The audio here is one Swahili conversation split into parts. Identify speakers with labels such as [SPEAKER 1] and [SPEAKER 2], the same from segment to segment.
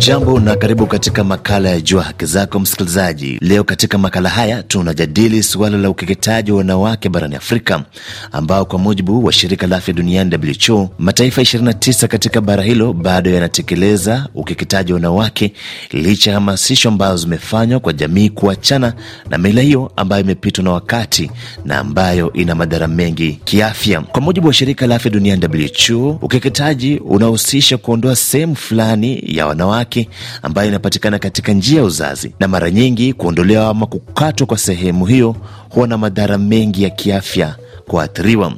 [SPEAKER 1] Hujambo na karibu katika makala ya Jua Haki Zako, msikilizaji. Leo katika makala haya tunajadili suala la ukeketaji wa wanawake barani Afrika, ambao kwa mujibu wa shirika la afya duniani WHO, mataifa 29 katika bara hilo bado yanatekeleza ukeketaji wa wanawake licha ya hamasisho ambazo zimefanywa kwa jamii kuachana na mila hiyo ambayo imepitwa na wakati na ambayo ina madhara mengi kiafya. Kwa mujibu wa shirika la afya duniani WHO, ukeketaji unahusisha kuondoa sehemu fulani ya wanawake wake ambayo inapatikana katika njia ya uzazi, na mara nyingi kuondolewa ama kukatwa kwa sehemu hiyo huwa na madhara mengi ya kiafya kuathiriwa.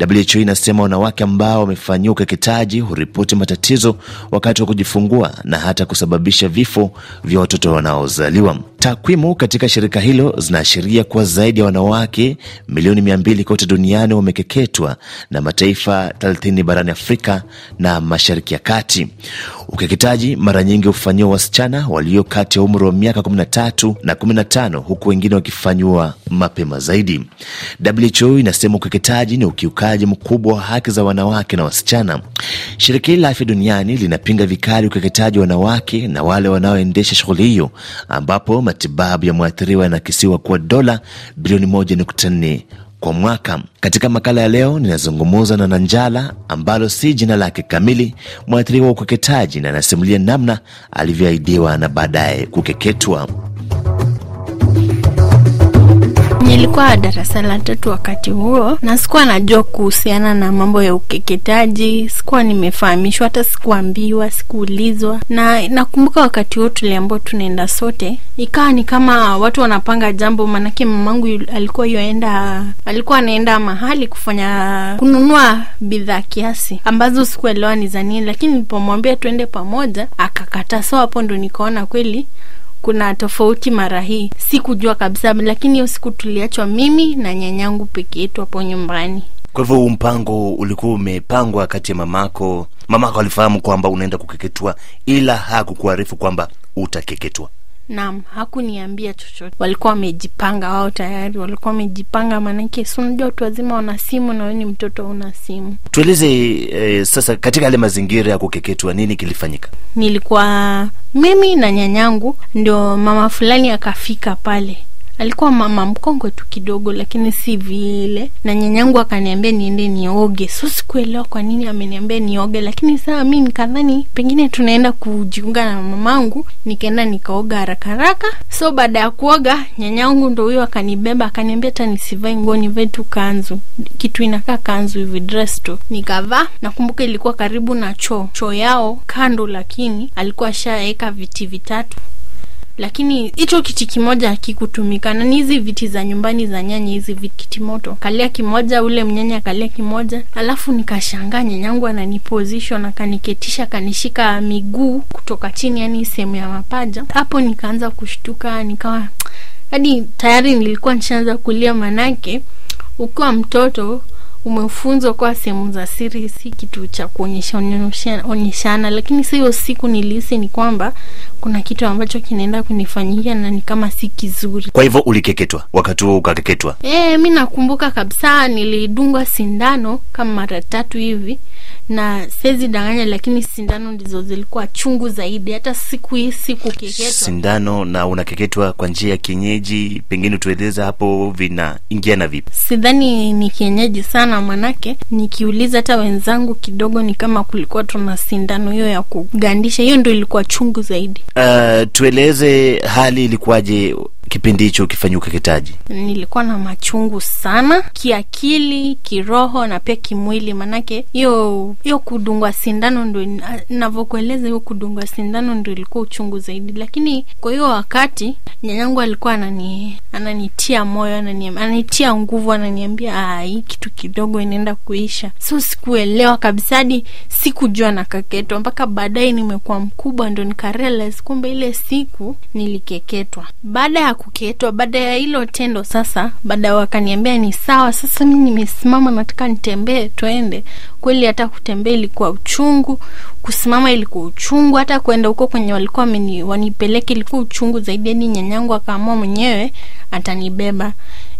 [SPEAKER 1] WHO inasema wanawake ambao wamefanyia ukeketaji huripoti matatizo wakati wa kujifungua na hata kusababisha vifo vya watoto wanaozaliwa. Takwimu katika shirika hilo zinaashiria kuwa zaidi ya wanawake milioni 200 kote duniani wamekeketwa na mataifa 30 barani Afrika na Mashariki ya Kati. Ukeketaji mara nyingi hufanyiwa wasichana walio kati ya umri wa miaka 13 na 15, huku wengine wakifanyiwa mapema zaidi. WHO inasema ukeketaji ni ukiukaji mkubwa wa haki za wanawake na wasichana. Shirika hili la Afya Duniani linapinga vikali ukeketaji wa wanawake na wale wanaoendesha shughuli hiyo ambapo matibabu ya mwathiriwa yanakisiwa kuwa dola bilioni 1.4 kwa mwaka. Katika makala ya leo ninazungumuza na Nanjala ambalo si jina lake kamili, mwathiriwa wa ukeketaji, na anasimulia namna alivyoahidiwa na baadaye kukeketwa.
[SPEAKER 2] Nilikuwa darasa la tatu wakati huo, na sikuwa najua kuhusiana na mambo ya ukeketaji. Sikuwa nimefahamishwa, hata sikuambiwa, sikuulizwa. Na nakumbuka wakati huo tuliambiwa tunaenda sote, ikawa ni kama watu wanapanga jambo, maanake mamangu alikuwa yoenda, alikuwa anaenda mahali kufanya kununua bidhaa kiasi ambazo sikuelewa ni za nini, lakini nilipomwambia tuende pamoja akakata So hapo ndo nikaona kweli kuna tofauti mara hii, sikujua kabisa, lakini hiyo siku tuliachwa mimi na nyanyangu peke yetu hapo nyumbani.
[SPEAKER 1] Kwa hivyo mpango ulikuwa umepangwa kati ya mamako, mamako alifahamu kwamba unaenda kukeketwa, ila hakukuarifu kwamba utakeketwa?
[SPEAKER 2] nam hakuniambia chochote. Walikuwa wamejipanga wao tayari, walikuwa wamejipanga, maanake si unajua watu wazima wana simu na wewe ni mtoto una simu.
[SPEAKER 1] Tueleze eh, sasa katika yale mazingira ya kukeketwa, nini kilifanyika?
[SPEAKER 2] Nilikuwa mimi na nyanyangu ndio mama fulani akafika pale Alikuwa mama mkongwe tu kidogo, lakini si vile. Na nyanyangu akaniambia niende nioge, so sikuelewa kwa nini ameniambia nioge, lakini saa mi nikadhani pengine tunaenda kujiunga na mamangu, nikaenda nikaoga haraka haraka. So baada ya kuoga, nyanyangu ndo huyo akanibeba, akaniambia hata nisivai nguo, nivae tu kanzu, kitu inakaa kanzu hivi, dress tu. Nikavaa, nakumbuka ilikuwa karibu na choo, choo yao kando, lakini alikuwa ashaweka viti vitatu lakini hicho kiti kimoja hakikutumika. Na ni hizi viti za nyumbani za nyanya, hizi viti moto, kalia kimoja, ule mnyanya kalia kimoja. Alafu nikashangaa nyanyangu anani position, akaniketisha, kanishika miguu kutoka chini, yani sehemu ya mapaja. Hapo nikaanza kushtuka, nikawa hadi tayari nilikuwa nishaanza kulia, manake ukiwa mtoto umefunzwa kwa sehemu za siri si kitu cha kuonyesha onyeshana, onyeshana, lakini sio siku nilihisi ni kwamba kuna kitu ambacho kinaenda kunifanyia na ni kama si kizuri.
[SPEAKER 1] Kwa hivyo ulikeketwa wakati huo ukakeketwa?
[SPEAKER 2] E, mi nakumbuka kabisa nilidungwa sindano kama mara tatu hivi na siwezi danganya, lakini sindano ndizo zilikuwa chungu zaidi. Hata siku hii sikukeketwa
[SPEAKER 1] sindano. Na unakeketwa kwa njia ya kienyeji, pengine utueleza hapo na vipi?
[SPEAKER 2] Sidhani ni kienyeji sana, manake nikiuliza hata wenzangu kidogo, ni kama kulikuwa tuna sindano hiyo ya kugandisha, hiyo ndo ilikuwa chungu zaidi.
[SPEAKER 1] Uh, tueleze hali ilikuwaje kipindi hicho ukifanyika kitaji?
[SPEAKER 2] Nilikuwa na machungu sana kiakili, kiroho na pia kimwili, maanake hiyo hiyo kudungwa sindano ndo ah, navyokueleza, hiyo kudungwa sindano ndo ilikuwa uchungu zaidi. Lakini kwa hiyo wakati nyanyangu alikuwa anani ananitia moyo, ananitia nguvu, ananiambia ah, hii kitu kidogo inaenda kuisha. So sikuelewa kabisa, hadi sikujua na kaketwa mpaka baadaye nimekuwa mkubwa ndo nikarealize kumbe ile siku nilikeketwa baada ya kuketwa. Baada ya hilo tendo sasa, baada wakaniambia ni sawa. Sasa mi nimesimama, nataka nitembee, twende. Kweli hata kutembea ilikuwa uchungu, kusimama ilikuwa uchungu, hata kwenda huko kwenye walikuwa wameni wanipeleke ilikuwa uchungu zaidi. Yani nyanyangu akaamua mwenyewe atanibeba,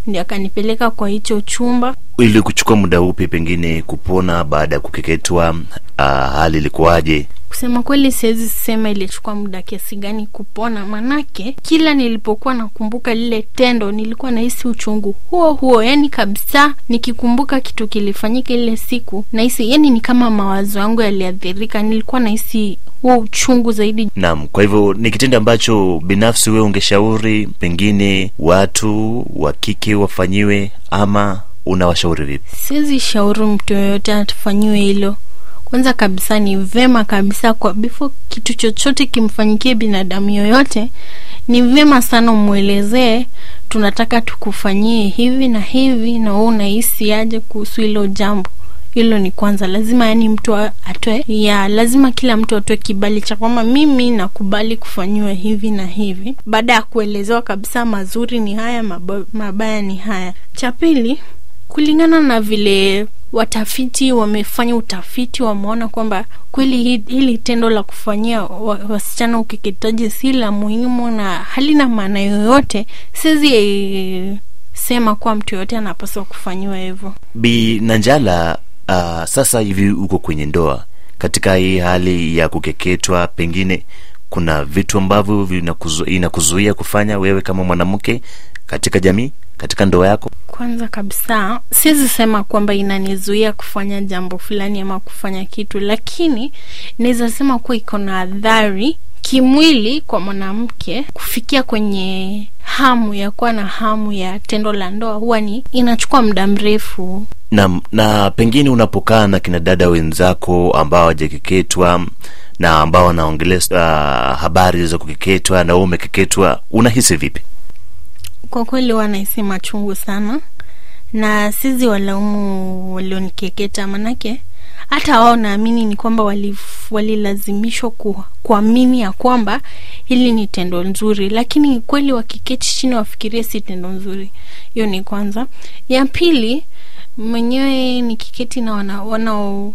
[SPEAKER 2] ndio akanipeleka kwa hicho chumba.
[SPEAKER 1] Ili kuchukua muda upi pengine kupona baada ya kukeketwa? Ah, hali ilikuwaje?
[SPEAKER 2] kusema kweli siwezi sema ilichukua muda kiasi gani kupona, manake kila nilipokuwa nakumbuka lile tendo nilikuwa nahisi uchungu huo huo, yani kabisa. Nikikumbuka kitu kilifanyika ile siku nahisi yani ni kama mawazo yangu yaliathirika, nilikuwa nahisi huo uchungu zaidi.
[SPEAKER 1] Naam, kwa hivyo ni kitendo ambacho binafsi wewe ungeshauri pengine watu wa kike wafanyiwe ama unawashauri vipi?
[SPEAKER 2] Siwezi shauri mtu yoyote atafanyiwe hilo, kwanza kabisa ni vema kabisa kwa before kitu chochote kimfanyikie binadamu yoyote, ni vyema sana umwelezee tunataka tukufanyie hivi na hivi, na wewe unahisi aje kuhusu hilo jambo. Hilo ni kwanza, lazima yani mtu atoe ya, lazima kila mtu atoe kibali cha kwamba mimi nakubali kufanyiwa hivi na hivi, baada ya kuelezewa kabisa mazuri ni haya, mabaya ni haya. Cha pili, kulingana na vile watafiti wamefanya utafiti, wameona kwamba kweli hili tendo la kufanyia wasichana ukeketaji si la muhimu na halina maana yoyote. Siwezi sema kuwa mtu yoyote anapaswa kufanyiwa hivyo.
[SPEAKER 1] Bi Nanjala, uh, sasa hivi uko kwenye ndoa, katika hii hali ya kukeketwa, pengine kuna vitu ambavyo inakuzuia kufanya wewe kama mwanamke katika jamii, katika ndoa yako?
[SPEAKER 2] Kwanza kabisa siwezi sema kwamba inanizuia kufanya jambo fulani ama kufanya kitu, lakini naweza sema kuwa iko na adhari kimwili kwa mwanamke kufikia kwenye hamu ya kuwa na hamu ya tendo la ndoa huwa ni inachukua muda mrefu.
[SPEAKER 1] na, na pengine unapokaa na kina dada wenzako ambao wajakeketwa na ambao wanaongelea uh, habari za kukeketwa na wewe umekeketwa, unahisi vipi?
[SPEAKER 2] Kwa kweli huwa nahisi machungu sana, na sizi walaumu walionikeketa, manake hata wao naamini ni kwamba walilazimishwa kuamini ya kwamba hili ni tendo nzuri, lakini kweli wakiketi chini wafikirie si tendo nzuri. Hiyo ni kwanza. Ya pili, mwenyewe nikiketi na wana, wana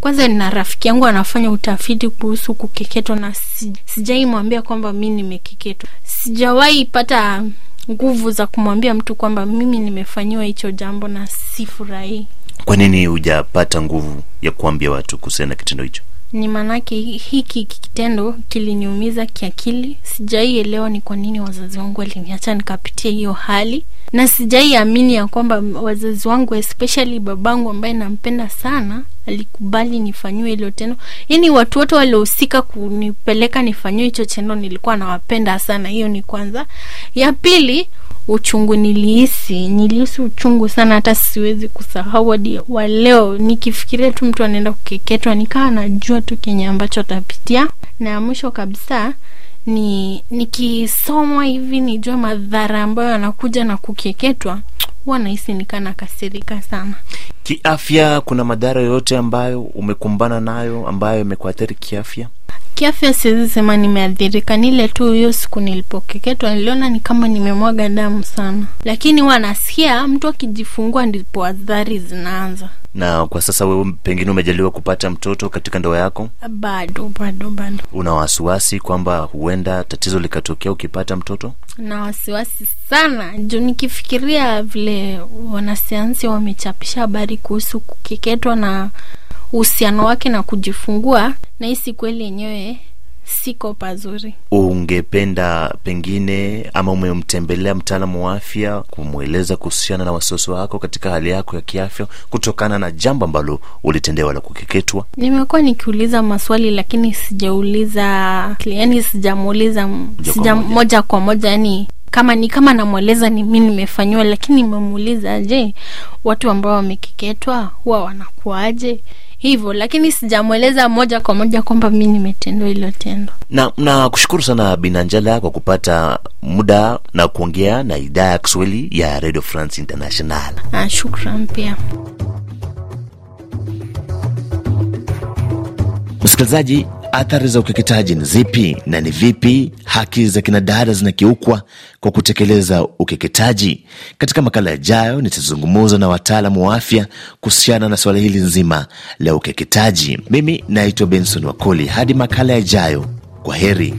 [SPEAKER 2] kwanza nina rafiki yangu anafanya utafiti kuhusu kukeketwa, na si, sijaimwambia kwamba mi nimekeketwa, sijawahi pata nguvu za kumwambia mtu kwamba mimi nimefanyiwa hicho jambo na sifurahii.
[SPEAKER 1] Kwa nini hujapata nguvu ya kuambia watu kuhusiana na kitendo hicho?
[SPEAKER 2] Ni maanake hiki kitendo kiliniumiza kiakili. Sijaielewa ni kwa nini wazazi wangu waliniacha nikapitia hiyo hali, na sijaiamini ya kwamba wazazi wangu especially babangu ambaye nampenda sana alikubali nifanyiwe hilo tendo. yani watu wote waliohusika kunipeleka nifanyiwe hicho tendo nilikuwa nawapenda sana. Hiyo ni kwanza. Ya pili, uchungu nilihisi, nilihisi uchungu sana, hata siwezi kusahau hadi leo. Nikifikiria tu mtu anaenda kukeketwa, nikawa najua tu kenye ambacho atapitia. Na mwisho kabisa ni nikisomwa hivi nijue madhara ambayo yanakuja na kukeketwa huwa nahisi nikaa nakasirika sana.
[SPEAKER 1] Kiafya, kuna madhara yoyote ambayo umekumbana nayo ambayo imekuathiri kiafya?
[SPEAKER 2] Kiafya siwezi sema nimeathirika, nile tu hiyo siku nilipokeketwa niliona ni kama nimemwaga damu sana, lakini huwa nasikia mtu akijifungua ndipo athari zinaanza.
[SPEAKER 1] Na kwa sasa wewe pengine umejaliwa kupata mtoto katika ndoa yako?
[SPEAKER 2] Bado, bado, bado.
[SPEAKER 1] Una wasiwasi kwamba huenda tatizo likatokea ukipata mtoto?
[SPEAKER 2] Na wasiwasi sana juu nikifikiria vile wanasayansi wamechapisha habari kuhusu kukeketwa na uhusiano wake na kujifungua, nahisi kweli yenyewe siko pazuri.
[SPEAKER 1] Ungependa pengine ama umemtembelea mtaalamu wa afya kumweleza kuhusiana na wasiwasi wako katika hali yako ya kiafya kutokana na jambo ambalo ulitendewa la kukeketwa?
[SPEAKER 2] Nimekuwa nikiuliza maswali lakini sijauliza, yani sijamuuliza sija moja kwa moja, yani kama ni kama namweleza ni mi nimefanyiwa, lakini nimemuuliza, je, watu ambao wamekeketwa huwa wanakuwaje? hivyo, lakini sijamweleza moja kwa moja kwamba mi nimetendwa hilo tendo.
[SPEAKER 1] Na na kushukuru sana Binanjala kwa kupata muda na kuongea na idhaa ya Kiswahili ya Radio France International.
[SPEAKER 2] Ah, shukran pia
[SPEAKER 1] msikilizaji. Athari za ukeketaji ni zipi na ni vipi haki za kinadada zinakiukwa kwa kutekeleza ukeketaji? Katika makala yajayo nitazungumza na wataalamu wa afya kuhusiana na suala hili nzima la ukeketaji. Mimi naitwa Benson Wakoli. Hadi makala yajayo, kwa heri.